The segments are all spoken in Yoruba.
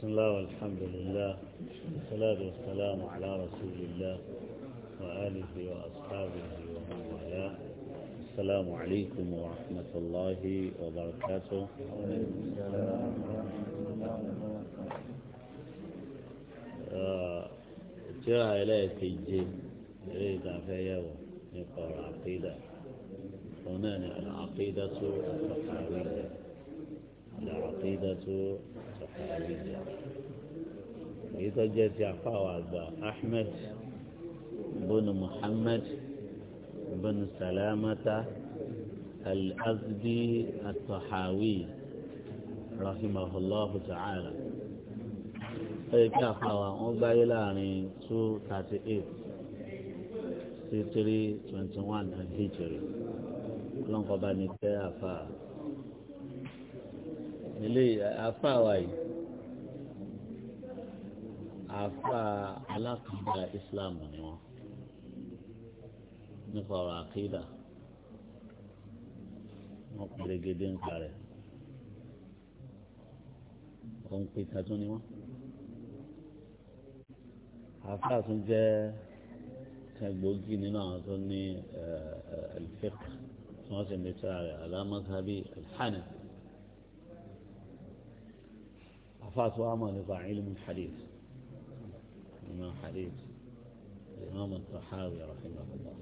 بسم الله والحمد لله والصلاة والسلام على رسول الله وآله وأصحابه ومن والاه السلام عليكم ورحمة الله وبركاته ترى إليه تيجي إليه يوم يقرأ عقيدة هنا العقيدة الصحابية العقيدة الصحابية يتجت يعفاو عبا أحمد بن محمد بن سلامة الأزدي الطحاوي رحمه الله تعالى ẹ̀ka àfàwà wọn gbáyé láàrin two thirty eight sí three twenty one and history ọlọ́nkọ́ bá ní kẹ́ àfàà. ilé afa wa yìí afa alákìída islam ni wọn nípa ọ̀rọ̀ àkìída wọn pèrè gèdè ń parẹ òun pè tàtún ni wọn afa tún jẹ gbòógì nínú àwọn tó ní ẹlẹfẹk tí wọn sì ń lè tẹ àrẹ alámọsábí alhánà. أفاس أعمال علم حديث إمام حديث الإمام الطحاوي رحمه الله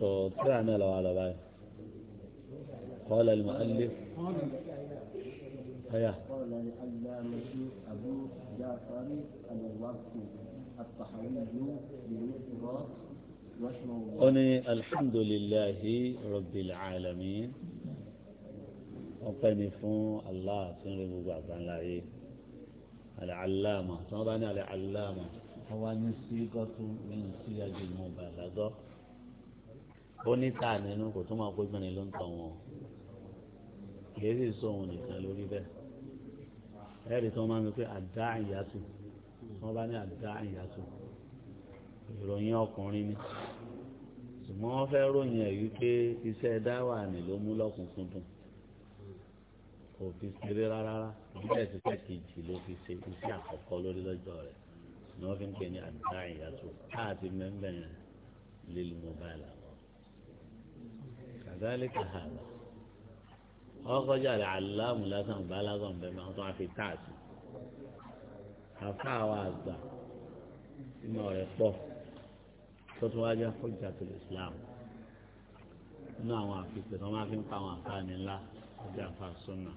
سو طلعنا لو على بعض قال المؤلف هيا قال لعلامة أبو جعفر الوقت الطحاوي بالوقت واسمه أني الحمد لله رب العالمين ọpẹ́ ni fún Allah tí ń rí gbogbo àgbáńlá yé alàlámà tí wọ́n bá ní alàlámà wọ́n wá ní sí gọ́tù nínú sí àjùmọ̀ bàlágọ́ ó ní tà nínú kò tó máa kó gbìnrin ló ń tọ̀ wọn kìí sì sọ òun nìkan lórí bẹ́ẹ̀ ẹ̀rí tí wọ́n máa ń pè àdá ìyàtù tí wọ́n bá ní àdá ìyàtù ìròyìn ọkùnrin ni ṣùgbọ́n wọ́n fẹ́ ròyìn ẹ̀ wípé iṣẹ́ dáwà ni ló mú lọ́kùnkúndùn kò fi ṣeré rárá bíbẹ̀ ti fẹ́ kejì ló fi ṣe iṣẹ́ àkọ́kọ́ lórí lọ́jọ́ rẹ̀ ni wọ́n fi ń pè ní àdá ìyàtọ̀ káàtì mẹ́mbẹ́ yẹn lílu mobile àwọn. kàdáálì kàhálà ọkọjà rẹ̀ aláàmù lásán balagàn bẹ́ẹ̀ máa tún àfi táàsì. àfa àwọn àgbà ìmọ̀ rẹ̀ pọ̀ tó tún wájú àkójà tó lè Islam nínú àwọn àfihàn tó máa fi ń pa àwọn àǹfààní ńlá ọjà àfa sọ́nà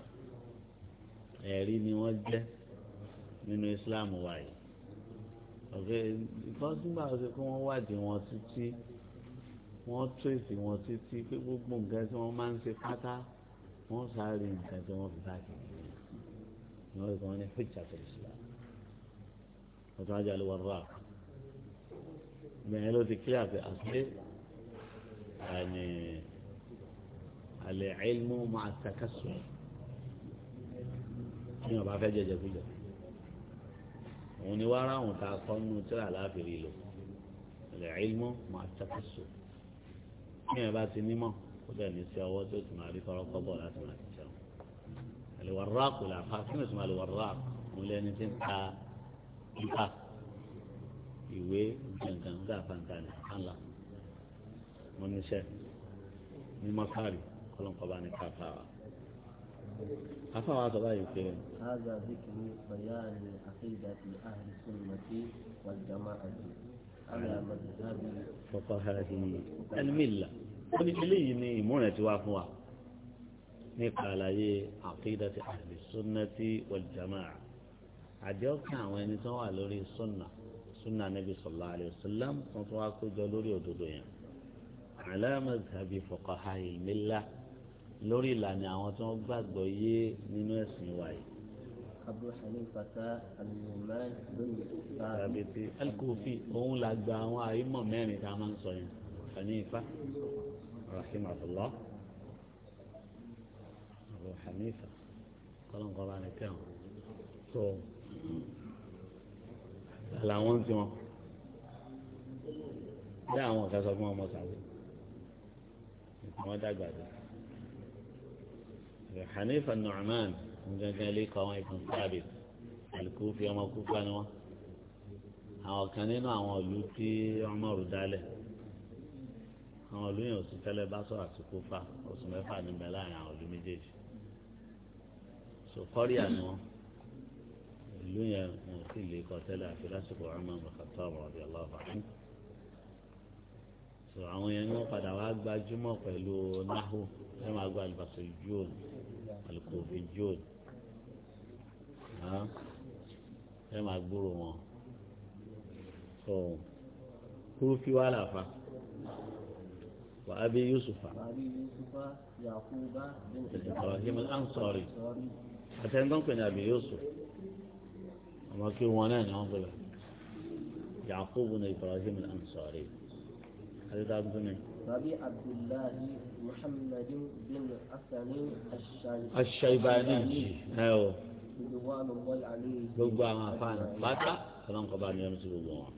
ẹ̀rí ni wọ́n jẹ́ nínú Islam wa yìí ọ̀gẹ́ nǹkan nígbà tó ṣe kí wọ́n wádìí wọn títí wọ́n tírèsì wọn títí pé gbogbo nǹkan tí wọ́n máa ń ṣe pátá wọ́n sáré nǹkan tí wọ́n fi bá kìíní ni wọ́n kàn ní fíjà tó ṣe là wọ́n tún rà bẹ́ẹ̀ ló ti kílíà pé àṣẹ àní àlẹ́ ilmu máa takasùn ní ọba fẹ́ jẹjẹ kújẹ òun ni wàá ráhùn tá a kọ́ nínú tíra láàfin ìlò ilẹ̀ ìlmọ́ máa tẹ́kọ̀sọ ní ẹ̀ bá ti nímọ̀ kó dẹ̀ ní sí ọwọ́ tó ti máa rí kọ́rọ́ kọ́bọ̀ láti máa ti jẹun àlèwàráàkù làfa kí ni sùn àlèwàráàkù mo lé ẹni tí ń ta ìka ìwé gangan gà fanta ní àlà mo níṣẹ́ ní mọ́kárì kọ́lọ́ńkọ́ ní káfá wa afáwọn àtọ́lá yìí pé. haza zikiri bayani aqidati ahli sunnati wal jama'ati ala madhabi. fọkàhàdì ẹlmìlà ó ní eléyìí ni ìmúrẹ̀ tí wàá fún wa nípa àlàyé aqidati ahli sunnati wal jama'a àjọkàn àwọn ẹni tó wà lórí sunna sunna nabi sallallahu alayhi wa sallam wọn tún wá kó jọ lórí òdodo yẹn ala madhabi fọkàhàdì ẹlmìlà lórí ìlànà àwọn tí wọ́n gbàgbọ́ yé nínú ẹ̀sìn wa yìí. Abu Hanifata al-Nu'man Thabit al-Kufi òun là gba àwọn àyímọ̀ mẹ́rin tá a máa ń sọ yẹn Hanifa rahimahullah Abu Hanifa kọ́lọ́nkọ́lá ni kẹ́hìn tó làwọn tí wọn bí àwọn kan sọ fún ọmọ sàlẹ̀ àwọn dàgbà dé. حنيف النعمان من جنالي قوام ابن ثابت الكوفي وما كوفا نوا àwọn kan nínú àwọn ìlú tí ọmọrù dálẹ̀ àwọn ìlú yẹn òsì tẹ́lẹ̀ bá sọ àti kófà oṣù mẹ́fà níbẹ̀ láàrin àwọn ìlú méjèèjì sòkọ́rì àná ìlú yẹn wọn ò sì lè kọ tẹ́lẹ̀ àfi lásìkò ọmọ mọ̀kàtà ọ̀rọ̀ ọ̀dẹ̀ ọlọ́ọ̀bà so àwọn yẹn ni wọ́n padà wá gbajúmọ̀ pẹ̀lú náhù ẹ máa gba àlùbàṣọ jùl àlùkòfé jùl ẹ máa gbúrò wọn so kúrúfí wà láfa wà ábí yusufa ibrahim ansori àtẹnudọ́n pè ní àbí yusuf ọmọ kí wọn náà ni wọ́n gbọ́dọ̀ yakubu ní ibrahim ansori. حديث عبد الله أبي عبد الله محمد بن حسن الشيباني أيوه رضوان الله عليه gbogbo àwọn afáàní pátá ọlọ́run kọ́ bá ní ẹnu sí gbogbo wọn.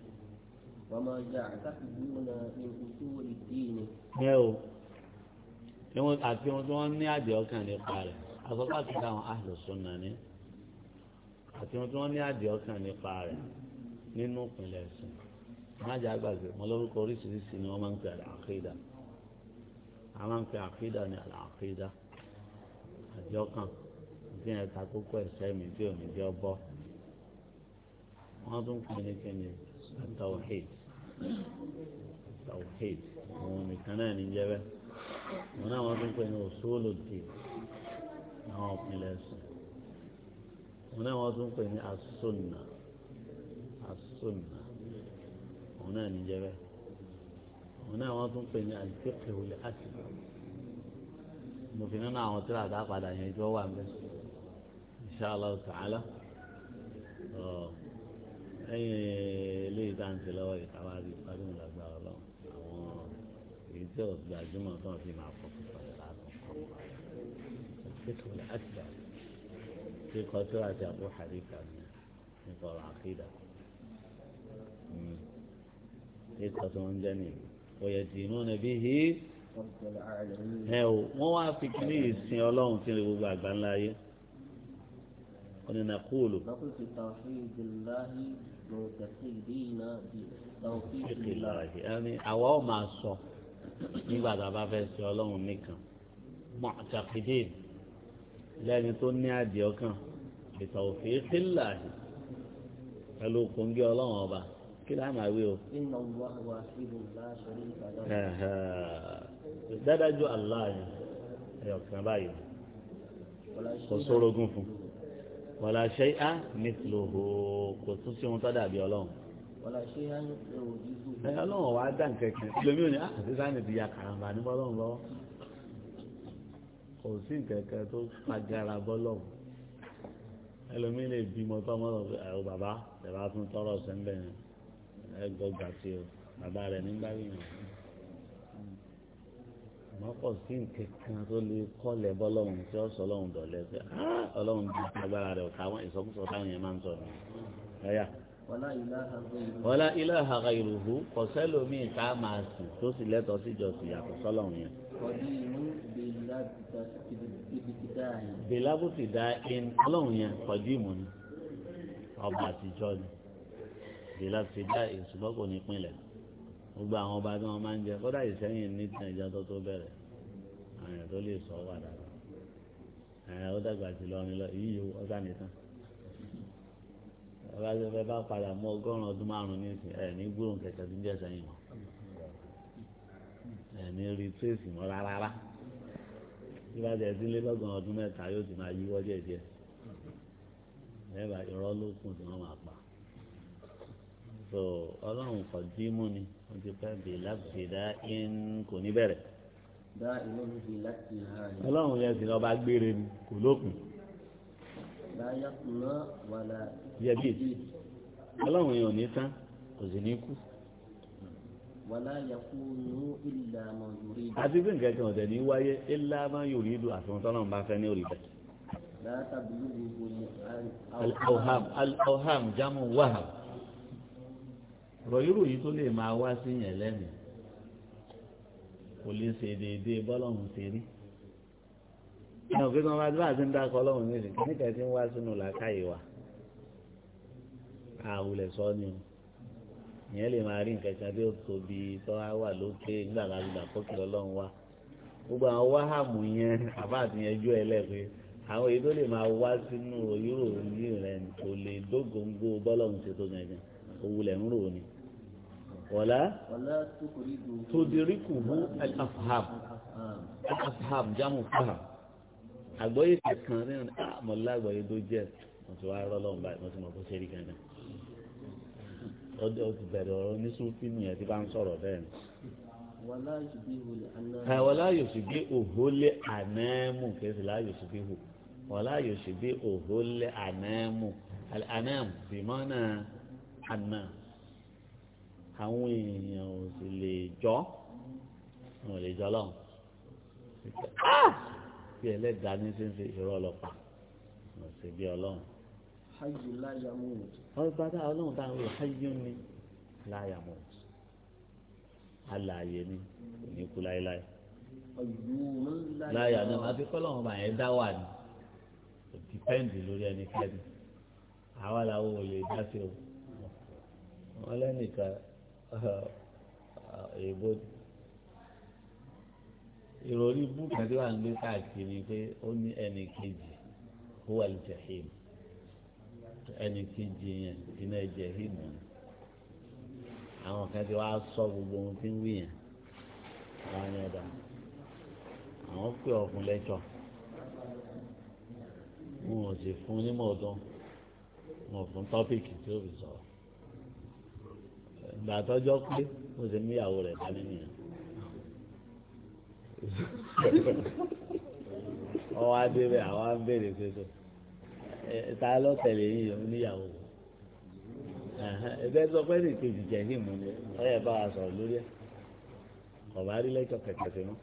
wọ́n máa ja àtàkùnjúmọ̀nà ìkùtù ìdíyìnì. ẹ o àti wọn tí wọ́n ní àdìẹ ọkàn nípa rẹ̀ àkọ́kọ́ àti táwọn ahlu sunna ní àti wọn tí wọ́n ní àdìẹ ọkàn nípa rẹ̀ nínú ìpínlẹ̀ ẹ̀sìn májà gbàgbé wọn lórúkọ oríṣiríṣi ni wọn máa ń pè àlàáfíìdá a máa ń pè àfíìdá ní àlàáfíìdá àjọkàn tí yẹn ta kókó ẹsẹ̀ mi tí ò ní bí ọbọ wọn tún pè ní kíni àtàwọhìd àtàwọhìd òun nìkan náà ní jẹbẹ wọn náà wọn tún pè ní òṣòlòdì àwọn òpinlẹ ẹsẹ̀ wọn náà wọn tún pè ní asúnà asúnà òun náà ní jẹ́ bẹ́ẹ̀ òun náà wọ́n tún pè ní àlùfíìkì òun àti mo fi nínú àwọn tíra àdá padà yẹn tí wọ́n wà mẹ́ insha Allah ta'ala ẹ̀yìn eléyìí tá à ń ti lọ́wọ́ ìtawá rí parí mi lágbá ọlọ́run àwọn èyí tí ò gbajúmọ̀ tó ń fi máa fọ́ fún ọ̀rẹ́ látọ̀ kọ́ àlùfíìkì òun àti kíkọ́ tíra àti àbúhàrí kàmí nípa ọ̀rọ̀ àkídà. Hmm nǹkan tí wọ́n ń jẹ́ nìyí ọ̀yẹ̀ tì mú níbí hí. ẹ o wọ́n wá fi kí ní ìsìn ọlọ́run tí ń lè gbogbo àgbà ńlá ayé ọ̀nà nàkúlù. àwa ò máa sọ nígbà tá a bá fẹ́ sin ọlọ́run nìkan mọ̀tàkìdé lẹ́ni tó ní àdìọ́kàn ìtàwọ̀fẹ́ kíláàhì pẹ̀lú kòńgẹ́ ọlọ́run ọba kí ló máa wí o. dádájú Allah ni ọ̀kan báyìí kò sórogún fún wàlá ṣe á mithluhu kò tún sí ohun tó dàbí ọlọ́run. ẹ ọlọ́run wàá dá nǹkan kan lómi ò ní àti sáni ti ya karamba ní bọ́lọ́run lọ́wọ́ kò sí nǹkan tó pagara bọ́lọ́run ẹlòmí lè bímọ tọmọ lọ bàbá bàbá tún tọrọ sẹ́ńbẹ̀ yẹn ẹ gbọ́gbà sí o bàbá rẹ̀ nígbà yìí àmọ́ pọ̀ sí nǹkankan tó lè kọ́lẹ̀ bọ́ lọ́hùn tí ó sọ lọ́hùn pé ah, ọlọ́hun bí agbára rẹ̀ ọ̀tá àwọn ìsọkúsọ táwọn yẹn máa ń sọ ni ẹ̀yà. wala ilaha ghayruhu kò sẹ́lómi ìta máa sìn tó sì lẹ́tọ̀ọ́ sí yàtọ̀ sọ́lọ́hùn yẹn. bèlábùtì dá in ọlọ́hun yẹn kọ̀dí ìmọ̀ ni ọba àtijọ́ ni bílá ti dá ìṣùgbọ́n kò ní pinlẹ̀ gbogbo àwọn ọba tí wọ́n máa ń jẹ kódà ìsẹ́yìn ní nàìjíríà tó tó bẹ̀rẹ̀ àwọn tó lè sọ wà dára àwọn ó dàgbà jù lọ nílọ èyí yòó ọ̀sán nìkan ọba tí wọ́n bá padà mú ọgọ́rùn-ún ọdún márùn-ún nísìn ẹ̀ ní gbóhùn kẹ̀kẹ́ tó ń jẹ́ sẹ́yìn mọ́ ẹ̀ ní rí tírèsì mọ́ rárá tí bá jẹ́ sílé lọ́gbọ̀n ọdún mẹ́ta yóò ti máa yíwọ́ díẹ̀díẹ̀ ẹ̀ bá so ọlọ́run kò dí mú ni wọ́n ti pẹ́ bí láti dá in kò ní bẹ̀rẹ̀. dá inú mi fi láti ha ni. ọlọ́run yẹn sì lọ́ọ́ bá gbére ni kò lópin. láyà kúrọ́ wàlà. yẹbi ọlọ́run yẹn ò ní tán kò sì ní kú. wàlà yàkú nù ìlà mọ̀ yorì. àti bí nǹkan kan ọ̀tẹ̀ ní wáyé ìlà máa yorì dù àfihàn tọ́lọ́run bá fẹ́ ní òrì bẹ́ẹ̀. láyà tàbí lóògùn ìwòye. al-awham al-awham jamu waham rọ̀yúrò yìí tó lè máa wá sí yẹn lẹ́nu kò lè ṣe déédéé bọ́lọ́hún ṣe rí ní òfin tí wọ́n bá bá ti ń dákọ̀ ọlọ́run nílùú kí nìkan ti ń wá sínú làákàyè wa àwùlẹ̀ sọ ni o ìyẹn lè máa rí nǹkan kan tí ó tóbi tó wá wà lókè nígbà láti gbà kókè ọlọ́run wa gbogbo àwọn wáhàmù yẹn àbá yẹn jó ẹlẹ́gbẹ́ àwọn èyí tó lè máa wá sínú òyìnbó yìí rẹ̀ kò lè dógóńgó bọ́lọ́hún ṣètò gàngàn òwúlẹ̀ ń rò ni wọ́lá tòdìríkù hu al-afham al-afham jámù fáhàm àgbọ́yé kankan nínú ní àmọ́lá ah, àgbọ́yé tó jẹ́ mo ti wá rọ́ lọ́wọ́ báyìí mo ti mọ̀ kó ṣe rí gangan ọdẹ o ti bẹ̀rẹ̀ ọ̀rọ̀ ní sunfin nìyẹn tí bá ń sọ̀rọ̀ bẹ́ẹ̀ ni. wàlá yòsì bí òhólé ànẹ́mù kẹsì lá yòsì bí hù wàlá yòsì bí òhólé ànẹ́mù ànẹ́mù bìmọ́nà ànẹ́mù àwọn èèyàn ò sì lè jọ́ wọn ò lè jọ́ lọ́hùn ah! bí ẹlẹ́dàá ní sí ń fi ìṣòro ọlọ́pàá wọn ò sì bí ọlọ́hùn. wọ́n gba dá ọlọ́hùn táwọn wò háyún ni láyàmú alààyè ni kò ní kú láéláé láyà náà àti kọ́lọ́hùn bá yẹn dá wà ní kò dìpẹ́ǹdì lórí ẹnikẹ́ni àwa làwọn ò lè dá sí o wọn lẹ́nìkan èèbó ìròrí búkà tí wàá ń gbé káàkiri pé ó ní ẹnì kejì ó wà lè jẹ̀hìm ẹnì kejì yẹn iná jẹ̀hìm ni àwọn kan ti wá sọ gbogbo ohun tí ń wí yẹn wọn á yẹn dà àwọn pè ọ̀fun lẹ́jọ́ wọn ò sì fún nímọ̀ ọdún wọn ò fún tọ́pìkì tí ó fi sọ̀rọ̀ ìgbà àtọ́jọ́ pé mo sì ní ìyàwó rẹ̀ dání nìyẹn. ọwọ́ adébẹ̀ àwọn á ń béèrè pé tó ta ló tẹ̀lé yìí oníyàwó ẹgbẹ́ sọ pé ní ìkejì jẹ́ yìí mú ni ọyẹ bá wa sọ̀rọ̀ lórí ẹ̀ ọ̀bá rí lẹ́jọ́ kẹ̀kẹ́ sí mọ́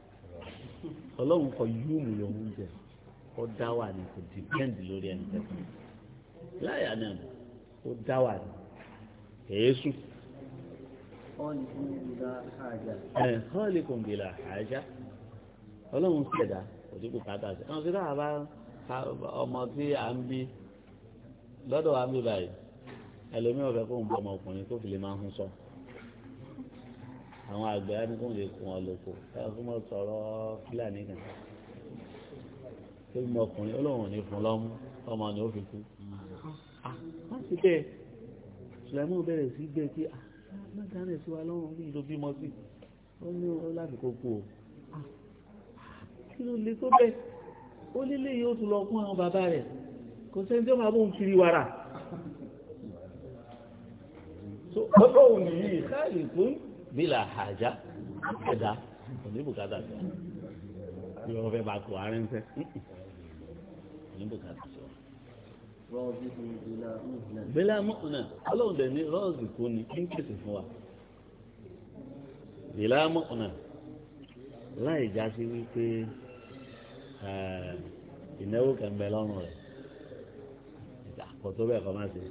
ọlọ́run kọ yúùmù lòún jẹ ó dá wà ní kò dìpẹ́ǹdì lórí ẹni láyà náà ó dá wà ní èésù kọ́ọ̀lìkùn bìlà àjá ọlọ́run ṣẹ̀dá òdìkù kàtà sí ọ̀n sí náà bá ọmọ tí a ń bí lọ́dọ̀ wa ń bí báyìí ẹlòmíràn fẹ́ kó ń bọ ọmọkùnrin kó fi lè máa hun sọ àwọn àgbẹ̀ á ní kó ń lè kún ọ lóko ẹ fún mọ́ sọ̀rọ̀ fúlàní kan tóbi ọkùnrin ọlọ́run ní fún lọ́mú ọmọ ni ó fi kú. àti ah, bẹ́ẹ̀ sùlẹ́mù bẹ̀rẹ̀ sí gbé kí a. Ah, mẹ́tàánì sí wa lọ́wọ́ ní ìlú bímọ sí ó ní ó láti kókó o ah, kí ló lè tó bẹ́ẹ̀ ó lílé yóò tún lọ fún àwọn bàbá rẹ̀ kò sẹ́ni tí ó máa bóun kiri wàrà ọjọ́ òní yìí káàlì fún bílà àjá ẹ̀dá oníbùkátà sí ọ yọ ọ fẹ́ bá kó arẹ́ńsẹ́ oníbùkátà sí bílá mọ́nà ọlọ́run dẹ̀ ní rọ́ọ̀sì kò ní kí n kèsì fún wa bílá mọ́nà láì já sí wípé eh, ìnáwó kan bẹ lọ́rùn rẹ̀ kò tó bẹ́ẹ̀ kọ́ má ṣe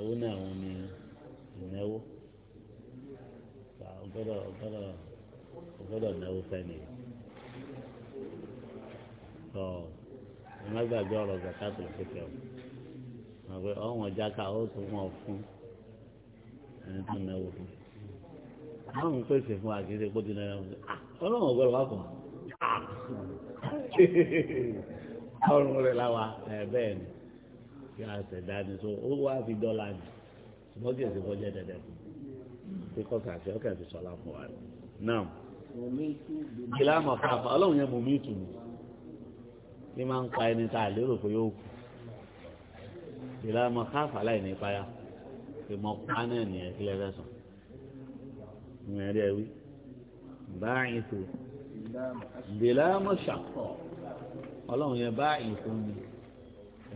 owó náà wọn ni ìnáwó ọgbọ́dọ̀ ọgbọ́dọ̀ ọgbọ́dọ̀ náwó fẹ́ nìyẹn ẹ má gbàgbé ọ̀rọ̀ zakato fífẹ́ o àgbẹ̀ ọ̀wọ̀n jáka ó tún wọ́n fún ẹni tó náwó fún máa ń pèsè fún àkíyèsí pé dín náírà fún ọlọ́run ọ̀gbọ́n wà fún ọrùn rẹ̀ láwa ẹ̀ bẹ́ẹ̀ ni kí a ṣẹ̀dá ni so ó wá fi dọ́là ni ṣùgbọ́n kí èsì bọ́jẹ́ dẹ̀dẹ̀ fún pé kọ́sà àti ọkẹ́ fi sọ́lá fún wa náà. ìlànà fàáfà ọlọ́run yẹn bùnmí tù mí ní máa ń pa ẹni tá a lérò pé yóò kú ìlànà káfà láì ní ipa ya ìmọ̀ pánẹ̀ nìyẹn kílẹ̀ fẹ́sàn ìyẹn rí ẹ wí báyìí tó bìlámọ̀ ṣàkọ́ ọlọ́run yẹn báyìí tó ni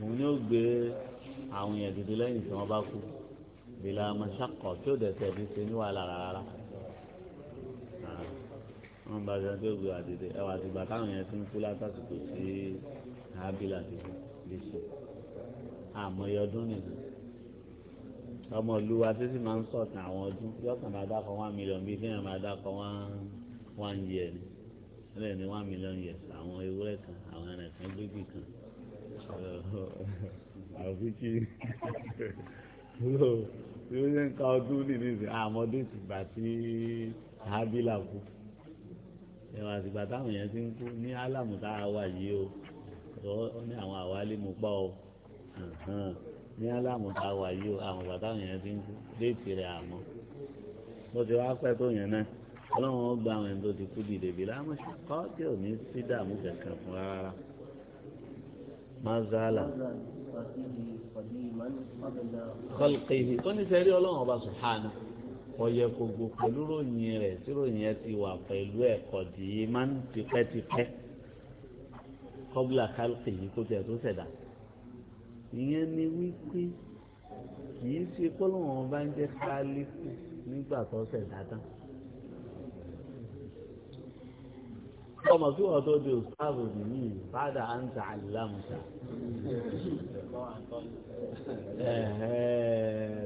òun ni gbé àwọn yẹn dìde lẹ́yìn tí wọ́n bá kú bìlámọ̀ ṣàkọ́ tí ó dẹ̀ tẹ̀ ṣe ní wàhálà rárá wọn bá jẹun tó gbé àdìdẹ ẹwà àdìgbà táwọn yẹn ti ń kú látàsìkò sí abila àdìgbò lẹsẹ àmọye ọdún nìkan ọmọ olúwa tí sì máa ń sọ̀tàn àwọn ọdún yọkàn máa dákọ one million bíi kéèyàn máa dákọ one year ni ẹlẹ́yìn ní one million years àwọn ewúrẹ́ kan àwọn ẹ̀rẹ̀ kan gbégbé kan àfi kí ló ló ń ka ọdún nìyí àmọ́ dé tìgbà tí abila kú ìwà àtìgbà táwọn yẹn ti ń kú ní álàmù tá a wà yìí o ó ní àwọn àwálé mu pọ̀ o ní álàmù tá a wà yìí o àwọn bàtà yẹn ti ń kú déètì rẹ̀ àmọ́ bó ti wá pẹ́ tó yẹn náà ọlọ́run ó gba àwọn ẹni tó ti kú dìde bí lámọ́sí kọ́ tí ò ní sí dààmú kankan fún rárá mazala kọ́lùkì ó ní sẹ́rí ọlọ́run ọba sùhánà ọyẹ gbogbo pẹ̀lú ròyìn rẹ̀ tí ròyìn ẹ ti wà pẹ̀lú ẹ̀kọ́ dì í máa ń tipẹ́tipẹ́ kọ́bùlà kálùkì yìí kó tiẹ̀ tó ṣẹ̀dá ìyẹn ni wípé kì í ṣe kọ́lọ́wọ́n bá ń jẹ́ kálíkù nígbà tó ṣẹ̀dá tán. ọmọ kí wọ́n tó di òsáàbò dì ní ìfádà à ń ta àlìlámùsà.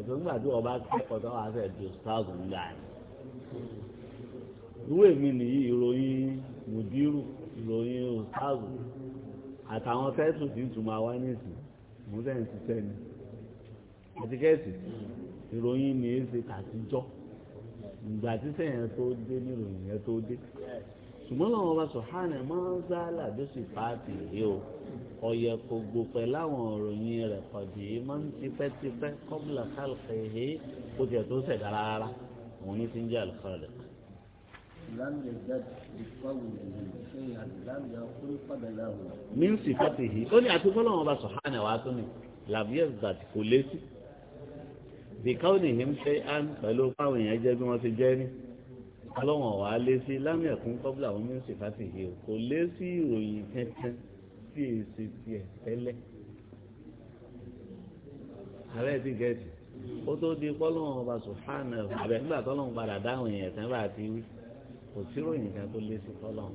tó ń gbàdúrà ọba kẹ́kọ̀ọ́ tó wà fẹ́ di òsáàbò ńlá ni. irú èmi nìyí ìròyìn mùdírù ìròyìn òsáàbò àtàwọn tẹ́tù tí ń tún máa wá nísìn mú sẹ́yìn ṣiṣẹ́ ni àtikẹ́ẹ̀tì ìròyìn ni èsì tàtijọ́ ìgbà tí sẹ́yìn tó dé níròyìn yẹn tó dé ṣùgbọ́n làwọn ọba sọ̀hánà máa ń zálà bí ó sì pààtì rí o ọ̀yẹ̀ kò gbòpẹ̀ láwọn òròyìn rẹ̀ kọ̀dì yìí máa ń tipẹ́tipẹ́ kọ́bùlà kálùkẹ́ yìí kó tiẹ̀ tó ṣẹ̀dá rárá òun ní ti ń jẹ́ àlùkọ́rẹ̀. mi ń yìí ó ní àti fọlọ́wọn ọba sọ̀hánà wàá tó ní làbíyẹ̀sì gbàtì kò lé sí bìkáwọn èèyàn ń fẹ́ án pẹ̀lú fáwọn èèyàn jẹ́ bí wọ́n ti jẹ́ ní ọlọ́wọ̀n wà á lé sí lámì ẹ̀kún kọ́bílà wọn mẹ́sì fásitì yìí kò lé sí ìròyìn kankan tí èsì tiẹ̀ tẹ́lẹ̀ ààrẹ ti gẹ̀ẹ́tì ó tó di kọ́lọ́wọ̀n ọba sùhánà rẹ̀ nígbà tọ́lọ́wọ̀n padà dáhùn èèyàn tán bá ti wí kò sí ròyìn kan tó lé sí kọ́lọ́wọ̀n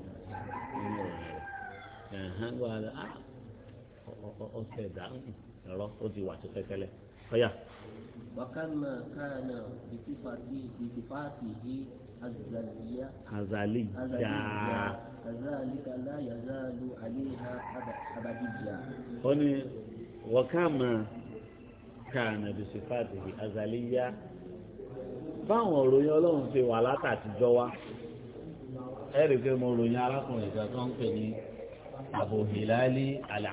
nínú rẹ̀ ẹ̀hán gbọ́dọ̀ ah, ọ̀sẹ̀ ọ̀yà. wàkàmà kàánà bìtìfàtì bìtìfàtì yìí azaliya. azaliya. kazalika la yazalu aliha abadiya. ó ní wàkàmà kàánà bìtìfàtì yìí azaliya báwọn òròyìn ọlọ́run ṣe wà látàtijọ́ wa ẹ rí i pé mo ròyìn arákùnrin kan tó ń pè ní Abu Hilali al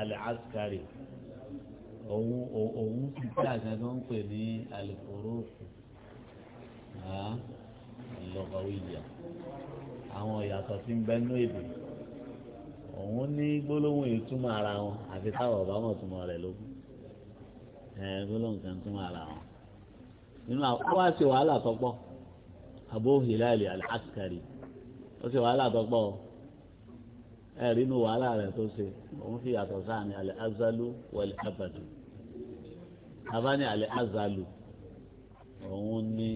al-askari òun òun ti tí àgbà tó ń pè ní aliforofu lọ́kọ̀wìyà àwọn ìyàtọ̀ tí ń bẹnú èdè òun ní gbólóhùn ìtumọ̀ ara wọn àti táwọn ọ̀bá mọ̀ túmọ̀ rẹ̀ lógún gbólóhùn kan túmọ̀ ara wọn nínú àkókò wá sí wàhálà tọ́pọ̀ Abu Hilal ó sì wàhálà tọ́pọ̀ o ẹ̀rí inú wàhálà rẹ̀ tó ṣe òun fi yàtọ̀ sáàni alẹ́ azalu wẹ̀lẹ̀ abadu abáni alẹ́ azalu òun ní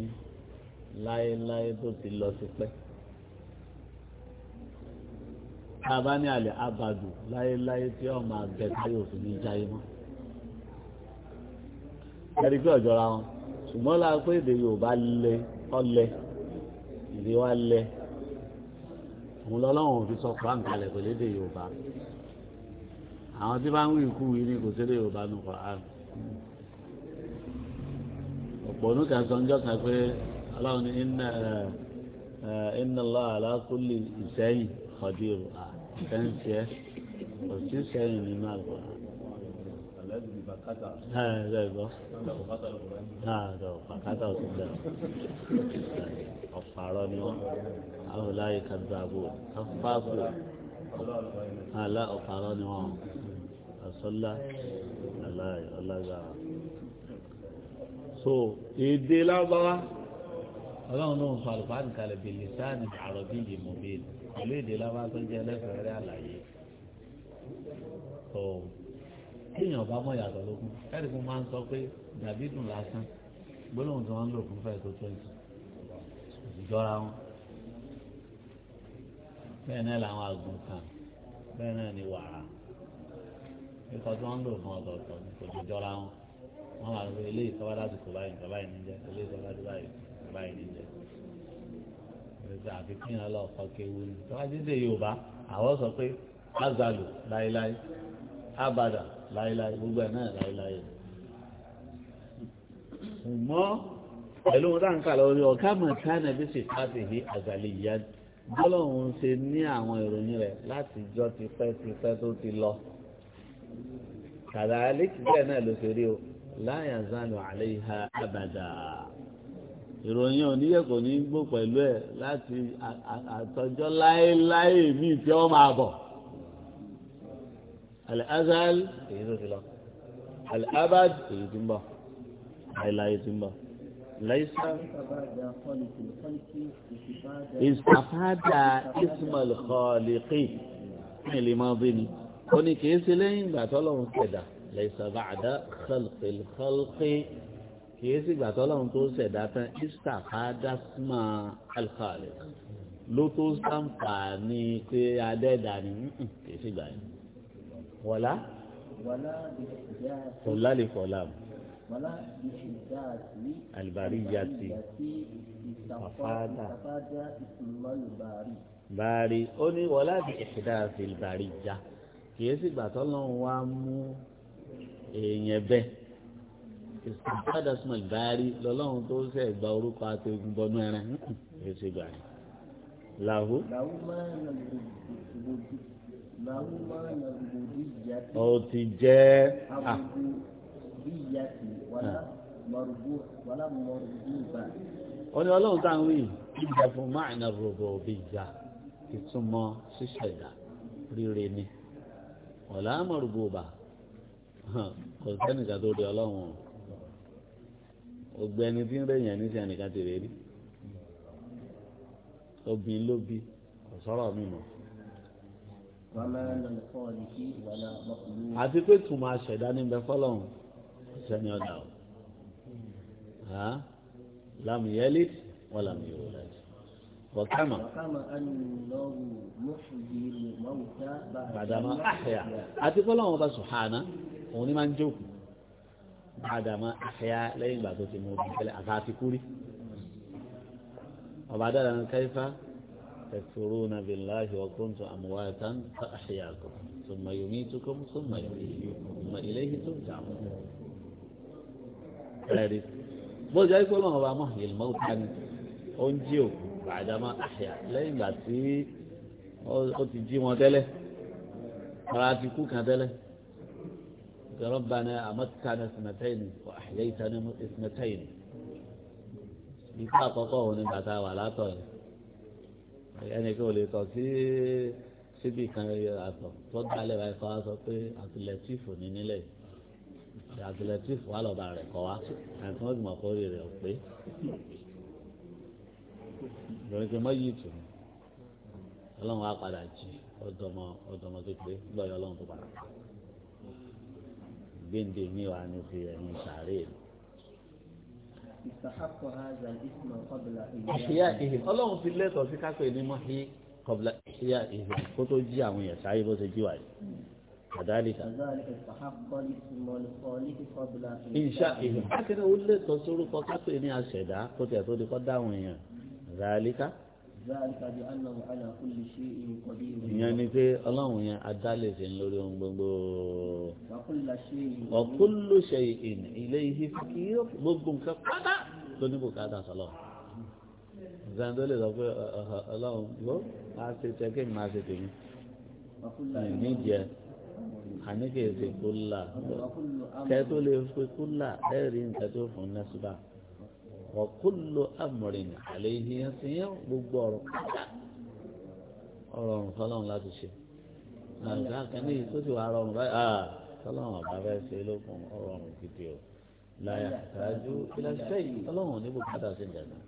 láéláé tó ti lọ sí pẹ́ abáni alẹ́ abadu láéláé tí ó máa bẹ táyọ̀ òfin ní jáyé mọ́ ẹ̀rí pé ọ̀jọ̀ra wọn ṣùgbọ́n láàpẹ́ èdè Yorùbá lẹ ọlẹ èdè wa lẹ òun lọ́lọ́run fi sọ Kùránì kalẹ̀ kò lédè Yorùbá àwọn tí bá ń wí ikú wí ni kò sédè Yorùbá nù Kùránì ọ̀pọ̀ onúkà sọ ńjọ́ kan pé aláwọn ní iná iná lọ àlákùlì ìsẹ́yìn ọ̀dí ìrù à ìsẹ́yìn tiẹ̀ kò sí ìsẹ́yìn nínú àlùkò bàkátà ọ̀sùn dà ọ̀fàrọ̀ ni wọ́n àwọn láyé kàdàbò káfáàbò àlá ọ̀fàrọ̀ ni wọ́n àsọ́lá aláì ọlágbára. so èdè lábáwá ọlọ́run ló ń sọ àlùfáàdì kalẹ̀ bèlè sáà ní àròbí yìí mọ̀bẹ́ẹ̀lì pẹ̀lú èdè lábáwá tó jẹ́ lẹ́fẹ̀ẹ́ rẹ́ àlàyé téèyàn bá mọ̀ yàtọ̀ lókun ẹ̀rí fún máa ń sọ pé dàbídùn lásán gbólóhùn tí wọ́n ń lò fún fẹ́ẹ̀ tó twenty ìjọra wọn bẹ́ẹ̀ náà làwọn àgùntàn bẹ́ẹ̀ náà ni wàrà ikọ̀ tí wọ́n ń lò fún ọ̀tọ̀ọ̀tọ̀ kò ní jọra wọn wọ́n máa lo ilé ìtọ́wá láti kò báyìí nǹkan báyìí níjẹ́ ilé ìtọ́wá láti báyìí nǹkan báyìí níjẹ́ ìrètí àfikún abada láíláí gbogbo ẹ̀ náà láíláí ṣùgbọ́n pẹ̀lú wọn dáǹkà lórí ọ̀ká mọ̀tánà bí sì fàtì ní àgàlì ìyá gbọ́lọ́hún ṣe ní àwọn ìròyìn rẹ̀ láti jọ ti pẹ́ ti pẹ́ tó ti lọ kàdà àlékì bẹ́ẹ̀ náà ló ṣe rí o láyà zanu àléhà abada ìròyìn oníyẹ kò ní gbó pẹ̀lú ẹ̀ láti àtọjọ́ láéláé mi tí ó máa bọ̀ al-azal èyí tó ti lọ al-abad èyí ti ń bọ̀ àìláyé ti ń bọ̀ láìsá. ìsàfádà ismail khaliqi ní ìlú mọ́bí ni ó ní kìí ṣe lẹ́yìn ìgbà tọ́lọ́run ṣẹ̀dá láìsá bàdá khalqil kìí ṣe ìgbà tọ́lọ́run tó ṣẹ̀dá tán ìsàfádà ismail khaliqi ló tó sàǹfààní pé adẹ́dà ni kìí ṣe ìgbà yẹn wọlá kọlá lè kọlá mu alibariyati afada baari ó ní wọlá bí ìṣẹdáàsì ìbàríjà kìí sì gbà tọ́lọ́run wá mú èèyàn bẹ́ẹ̀ ìsìnkádà súnmọ́ ìbárí lọ́lọ́run tó ṣẹ̀ gba orúkọ àtẹ̀gùn bọnú ẹran kìí sì gbà ní. làwù ó ti jẹ́ ah. Ah. ó ní ọlọ́run tá à ń wí ìjà fún máàna rògbò òbí ìjà ìtumọ̀ ṣíṣẹ̀dá rírẹ ni ọ̀là àmọ̀rògbò bá kò sẹ́nìkan tó di ọlọ́run o ọ̀gbẹ́ni tí ń rẹ̀yìn ní sí ẹnìkan tèrè rí obìnrin ló bí ọ̀sọ́rọ̀ mi mọ̀ àti pé tùmọ̀ àṣẹ̀dá ní bẹ fọlọ́hún sẹ́ni ọ̀dà o lámìyẹ́lì wọ́n lámìyẹ́wò láti wọ́kàmà bàdàmà àṣẹyà àti fọlọ́hún ọba sùhánà òun ni máa ń jókòó bàdàmà àṣẹyà lẹ́yìn ìgbà tó ti mú òbí tẹ́lẹ̀ àti àti kúrí ọba dára ní káyífà. تكفرون بالله وكنتم أمواتا فأحياكم ثم يميتكم ثم يحييكم ثم إليه ترجعون ثالث بوز يقول ما هو محيي الموت عن أنجيو بعدما أحيا لين باتي أو جي مدله فراتكو كدله ربنا أمتنا اثنتين وأحييتنا اثنتين بتاع تطوه نبعتها ولا طوه ẹnìkan ò lè tọ̀ sí síbi kan àtọ̀ tó dálẹ̀ báyìí kọ́ wa sọ pé àtìlẹ́tìfù ni nílẹ̀ àtìlẹ́tìfù wà lọ́ba rẹ̀ kọ́ wa àti wọ́n ti mọ̀ kó rèé rẹ̀ ò pé lórí pé mọ́yì tù mí ọlọ́run á padà jí ọdọmọ ọdọmọ tó pé gbọ́dọ̀ ọlọ́run tó padà gbéǹde mi wà ní ti ẹ̀yìn sàárè mi ìsàkàkọ̀ àzà ìsìnà kọ́bìlà ìyá ìhìn ọlọ́run fi lẹ́tọ̀ sí kápẹ́ ní mọ́hí kọ́bìlà ìyá ìhìn kó tó jí àwọn èèyàn sáyé bó ṣe jí wáyé àdáríkà. ìṣá ìhìn akẹ́rẹ́ ó lẹ́tọ̀ sórúkọ kápẹ́ ní àṣẹ̀dá kó tẹ̀ tó di kọ́ dáhùn èèyàn àdáríkà ìyẹn ni pé ọlọ́run yẹn adálẹ̀ sí lórí ohun gbogbo ọ̀kúlù ṣe ìn ilé ihe kí gbogbo nǹkan pátá tó ní bùkátà sọlọ zando lè sọ pé ọlọ́run gbọ́ máa ṣe tẹ kí n máa ṣe tèmi ní ìjẹ àníkèsè kúlà kẹ́tó lè fi kúlà ẹ̀rí nǹkan tó fún un lẹ́sùbà wọ́kúlò amòrìn àlẹ́ ènìyàn sì yẹn gbogbo ọ̀rọ̀ kọ́kà ọ̀rọ̀ ọ̀rùn fọlọ́run láti ṣe nàìjíríà kẹ́ni yìí tó ti wà rọrùn báyìí ah fọlọ́run ọ̀bá fẹ́ ṣe lókun ọ̀rọ̀ ọ̀rùn gidi o láyà kájú ilẹ̀ ṣẹ́ yìí fọlọ́run ní bùkátà sí ìdàgbà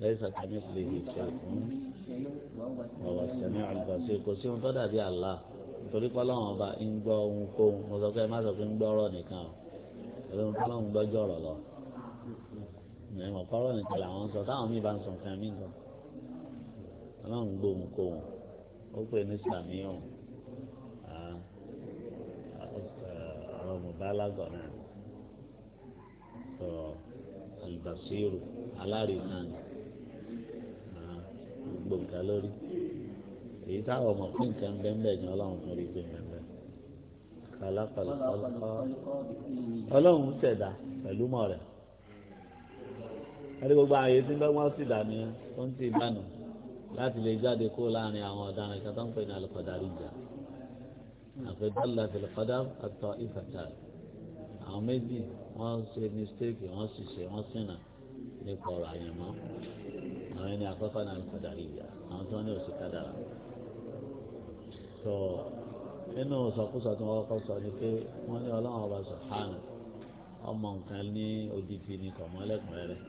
lẹ́yìn sàkàmì ìpìlẹ̀ yìí ṣe àkún ọ̀rọ̀ sẹ̀mí àlùbáṣe kò sí ohun tó dàbí àlá torí fọlọ́run ọba ń gbọ́ ohunkóhun mo sọ pé má sọ pé ń gbọ́ ọ̀rọ̀ nìkan o ẹ̀rọ fọlọ́run gbọ́jọ́ ọ̀rọ̀ lọ ẹ̀wọ̀n kọ́rọ̀ nìkan làwọn sọ táwọn míì bá ń sọ nǹkan míì sọ ọlọ́run gbóhùn kóhùn ó pè ní sàmíhùn ọ̀rọ̀ mùbálágọ̀ náà sọ àlùbàṣírù alárìnà gbogbo nǹkan lórí èyí táwọn ọmọ fún nǹkan bẹ́ẹ̀ ni ọlọ́run fún rí pé bẹ́ẹ̀ kàlákàlà ọlọ́run ṣẹ̀dá pẹ̀lú mọ̀ rẹ̀ ẹni gbogbo ààyè tí wọ́n sì dàní tó ń ti ìbànú láti lè jáde kó láàrin àwọn ọ̀daràn kan tó ń pè ní alùpàdárì ìjà àfẹ́dọ́là tẹlifádà àtọ ìfàtà àwọn méjì wọ́n ṣe mistake wọ́n sì ṣe wọ́n sìnà nípa ọ̀rọ̀ àyẹ̀mọ́ àwọn ẹni àkọ́kọ́ ní alùpàdárì ìjà àwọn tó ní òsì kádàrà tó nínú sọkúsọ tí wọ́n kọ́ sọ ni pé wọ́n ní ọlọ́run ọba sọ̀hánù ọmọ nǹkan ní odidi ni kọ̀mọ́ lẹ́kùnrin rẹ̀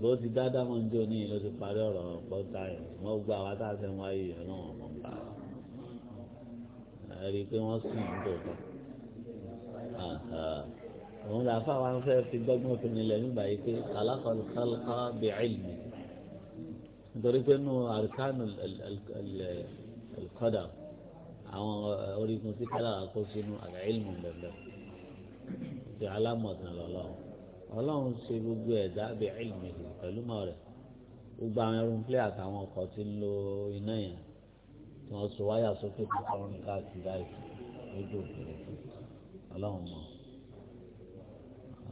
bó ti dáadáa mọ́ njó ní ló ti parí ọ̀rọ̀ pọ́ńtà yẹn wọ́n gba àwa tá a ṣe ń wáyé yẹn náà wọ́n mọ̀ nípa rẹ̀ rí i pé wọ́n sùn ní tòótọ́ òun là fáwọn afẹ́ fi gbọ́gbọ́n fi nílẹ̀ nígbà yìí pé alákọ̀ọ́lùkọ́lùkọ́ bí ẹ̀lì nítorí pé nù àríkánù ẹ̀lẹ́kọ́dà àwọn orígun tí kálá kó sínú àgbà ẹ̀lì mọ̀ ti alámọ̀tàn lọ́lọ́ ọlọ́run ṣe gbogbo ẹ̀dá bẹ̀ ẹ̀lìmì pẹ̀lú mọ́ rẹ̀ gbogbo àwọn ẹrùnplẹ̀ àtàwọn ọkọ̀ tí ń lo iná yẹn tí wọ́n so wáyà sókè tó kọrin káàkiri báyìí lójú òkèèrè ọlọ́run mọ̀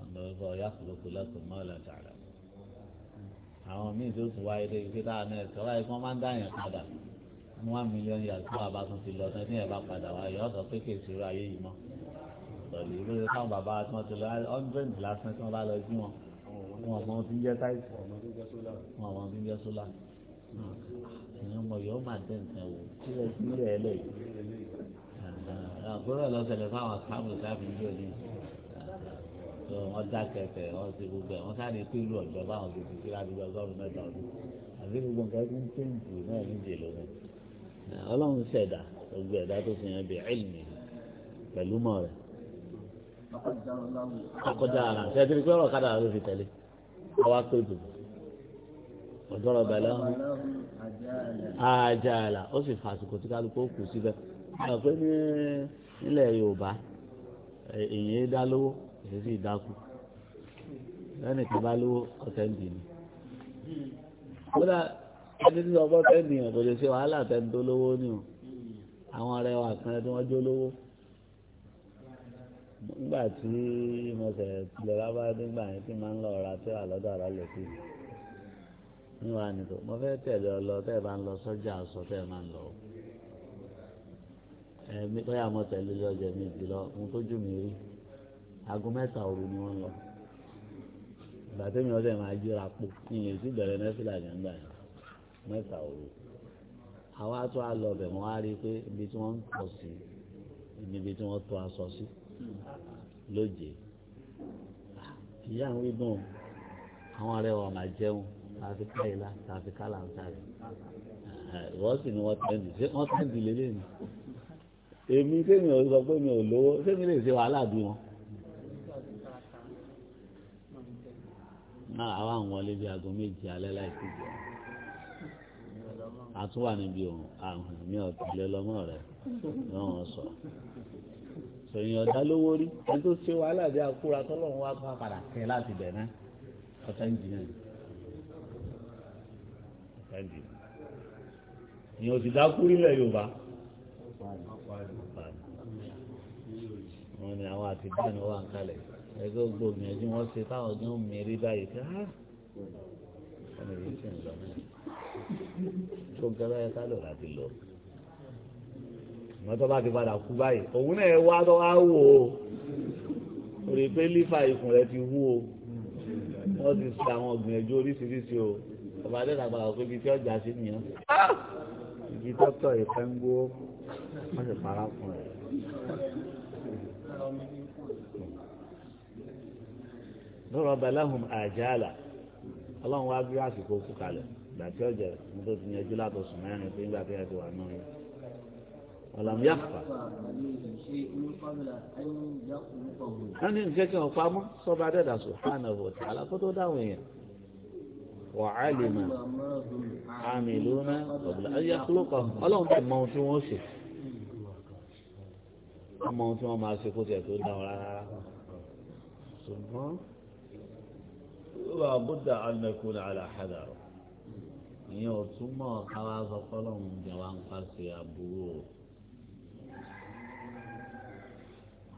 ọ̀nà ẹ̀fọ́ ọ̀yá kòlókò lẹ́kọ̀ọ́ mọ́ ọ̀là tààrà àwọn míì tó tún wáyé lé ibi tá a náà ẹ̀sọ́ wáyé kí wọ́n máa ń dáyàn padà one million yàtọ̀ àbátún ti lọ sẹ́ni ẹ̀ bá padà wáyé ọ̀sán pé kèsì rẹ̀ ayé yìí mọ́ pẹ̀lú ìlú ní káwọn bàbá tí wọ́n ti lọ ọ́ndrẹ́d lásán tí wọ́n bá lọ sí wọn wọn ọmọ tí ń jẹ́ táìsì wọn ọmọ tí ń jẹ́ sólà ìyẹn ọmọ yóò máa dé nǹkan wò kí lè sí ilé ẹ lẹ́yìn àgbọ̀rọ̀ lọ́sẹ̀lẹ̀ fáwọn sáàmù sáàmù ìjọ ni tó wọ́n dá kẹfẹ́ wọ́n ti gbogbo ẹ̀ wọ́n sáré pé ìlú ọ̀jọ́ báwọn ti ti kíra bí ọgọ́rùn-ún mẹ́ta ọdún àbí gbogbo nǹkan ti ń tẹ̀ǹtì náà níjẹ̀ lónìí ọlọ́run ṣẹ̀dá gbogbo ẹ̀dá tó ti yàn bí ẹ̀lmì pẹ̀lú mọ́ rẹ̀ akọjá ara ṣẹ́ẹ́dì pé ọ̀rọ̀ kádà ló fi tẹ̀lé ọwá pé dùn ọjọ́ ọ̀rọ̀ bẹ̀lẹ́ ajá àlà ó sì fàṣìkò tí kálukú ó kù síbẹ̀ ọ̀ pé ní nílẹ̀ Yorùbá èyí dá lówó èyí sì dákú lẹ́nu tí bá lówó ni, ń dì ní. kódà ẹni tí ọgbọ́n tẹ́ ń dìyàn kò lè ṣe wàhálà tẹ́ ń tó ni o àwọn ọ̀rẹ́ wa kan tí wọ́n jó lówó nígbà tí mo sẹ̀ tilẹ̀ lábá nígbà yẹn tí máa ń lọ ra tí wà lọ́dọ̀ àrà lè fi níwà nìkan mo fẹ́ tẹ̀lé ọ lọ tẹ́ ẹ bá ń lọ sọ́jà sọ tẹ́ ẹ máa ń lọ ẹ̀mí bóyá mo tẹ̀lé lọ́jọ́ mi jù lọ mo tójú mi rí aago mẹ́ta òru ni wọ́n lọ ìgbà tẹ́mi ọ̀sẹ̀ máa jíra po ìyẹn sì bẹ̀rẹ̀ nẹ́fìlà yẹn gbà yẹn mẹ́ta òru àwa tó a lọ bẹ̀ mo wá rí pé ibi tí wọ́n ń pọ̀ sí ibi tí wọ́n tó aṣọ sí lóje ìyá àwọn ibùn àwọn arẹwà máa jẹun tàbí káyìlá tàbí kálàntàrí ìwọ́n sì ni wọ́n tẹ́ndì ṣé wọ́n tẹ́ndì lélẹ̀ ni èmi sẹ́mi ò sọ pé mi ò lówó sẹ́mi lè ṣe wàhálà bí wọn. náà àwa àwọn wọlé bíi aago méje alẹ́ láìpẹ́ jẹ́ àtúwà níbi òun àwọn mi ò tẹ̀lé lọ́mọ rẹ̀ lọ́wọ́ sọ sọ̀yìn ọ̀dá lówó rí ẹni tó ṣe wàhálà bí akúra tọ́lọ́run wá kọ́ padà kẹ́ láti bẹ̀ náà ọ̀tá ń jìnnà ni ọ̀tá ń jìnnà èèyàn sì dákú nílẹ̀ Yorùbá wọn ni àwọn àti báyìí wà ń kalẹ̀ ẹgbẹ́ gbòmìnà tí wọ́n ṣe táwọn gan mìírí báyìí pé á ah! wọn ni èyí sì ń lọ náà tó ń kẹ́rọ ẹ ká lò láti lọ ṣùgbọ́n tó bá ti padà kú báyìí òun náà wá tó wá wò ó rí i pé lífà ikùn rẹ ti wú o wọ́n ti ṣe àwọn ọ̀gbìnrẹ́jọ oríṣiríṣi o ọba adẹ́ta padà pé ibi tí ọjà sí nìyẹn ibi tọ́tọ̀ ìfẹ́ ń gbó wọ́n sì para fún ẹ̀. lọ́rọ̀ balahum àjàlá ọlọ́run wá bí àsìkò kú gbàtí ọjà mo tó ti yanjú látọ̀ sùn mẹ́rin pé nígbà tí ẹ ti wà náà yẹn ọ̀làmù yàfà. wọ́n ní nǹkan kan pamọ́ sọ́ba dẹ́dà subhanahu wa ta'ala kó tó dáhùn èèyàn. وعلم عاملون قبل أن يخلقهم ọlọ́run ti mọ ohun tí wọ́n ṣe wọ́n mọ ohun tí wọ́n máa ṣe kó tiẹ̀ tó dá rárá ṣùgbọ́n wà búdà ànàkùn àlà àdàrọ̀ ìyẹn ò túmọ̀ káwá sọ fọlọ́run jẹ́ wá ń pàṣẹ àbúrò.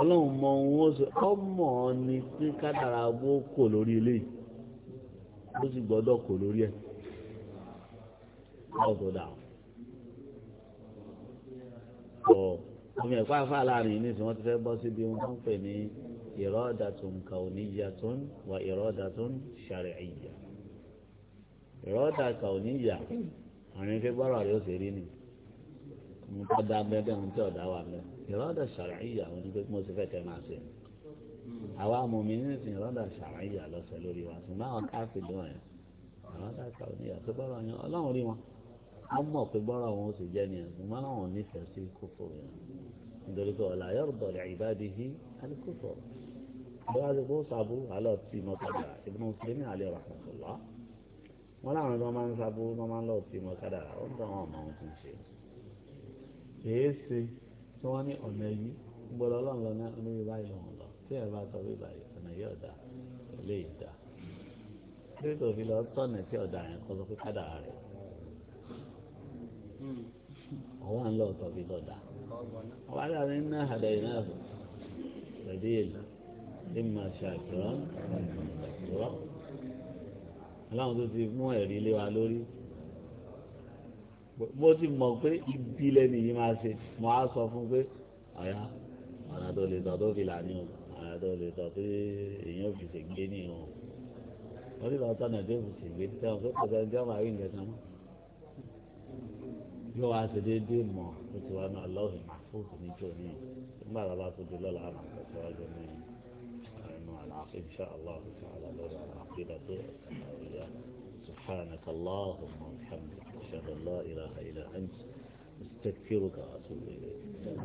ọlọ́run mọ ohun ó ṣe ọmọ ni tí kádàrà bó kò lórí ilé yìí ó sì gbọ́dọ̀ kò lórí ẹ̀ ọ̀gọ̀dà ọ̀ omi ẹ̀kọ́ afá láàrin ní ìsìn wọn ti fẹ́ bọ́ síbi ohun tó ń pè ní ìrọ́dà tó ń kà oníyà tó ń wà ìrọ́dà tó ń ṣàrẹ̀ ìyà ìrọ́dà kà oníyà àrùn ìfẹ́ gbọ́rọ̀ rẹ̀ ó ṣe rí ni mo tọ́ da mẹ́tẹ́ ohun tí ọ̀dà wà mẹ́tẹ́ ìrọ́dà ṣàràyà àwọn onígbé mo sì fẹ́ kẹ́ máa ṣe àwa mọ̀mí nísìnyí ìrọ́dà ṣàràyà lọ́sẹ̀ lórí wa ṣùgbọ́n àwọn káàfì lọ́wọ́ yẹn ìrọ́dà ṣàràyà tó bọ́rọ̀ yẹn ọlọ́run rí wọn wọ́n mọ̀ pé bọ́rọ̀ wọn ó sì jẹ́ nìyẹn ṣùgbọ́n láwọn nífẹ̀ẹ́ sí kófò yẹn nítorí pé ọ̀la yọ̀rọ̀ dọ̀lẹ̀ ìbádìí yìí alikófò bọ́lá ti kó sábú alọ́ tí mo kàdà ibùdó mùsùlùmí alẹ́ rahmatullah wọn láwọn tó máa ń sábú tó máa ń lọ́ọ̀ tí mo kàdà ó ń tọ́ wọn mọ ohun tó ń ṣe tí wọ́n ní ọ̀nà yìí gbọ́dọ̀ ọlọ́run lọ ní yorùbá yìí lòun lọ tí ẹ bá sọ wíwá yìí ọ̀nà yìí ọ̀dà ilé ìdá tí kò fi lọ tọ̀nà tí ọ̀dà yẹn kọ́ sọ pé kádà rẹ̀ hmm. ọwọ́ à ń lọ ọ̀tọ̀ fi lọ́dà ọba dà ní iná àdá yìí náà fò pẹ̀lú èlò ìmọ̀ ṣàkírọ́ ọlọ́run tó ti mú ẹ̀rí lé wa lórí mo ti mọ̀ pé ibi lẹ́nu yìí máa ṣe mo á sọ fún pé ọ̀yá ọ̀nà tó lè tọ̀ tó fi là ní o ọ̀nà tó lè tọ̀ tí èèyàn fi ṣègbè ní o wọ́n ti lọ tọ́nà tó fi ṣègbè tẹ́wọ̀n pé kò sẹ́ni tí wọ́n máa rí nǹkan kan mọ́ yóò wá ṣe déédéé mọ̀ ó ti wá ní ọlọ́run màfúùtù níjọ́ ní nígbà tó bá tó di lọ́la àmà tẹ̀síwájú ní ẹnu àlàáfíà insha Allah ta'ala lórí àlàáfíà أشهد أن لا إله إلا أنت استغفرك وأتوب إليك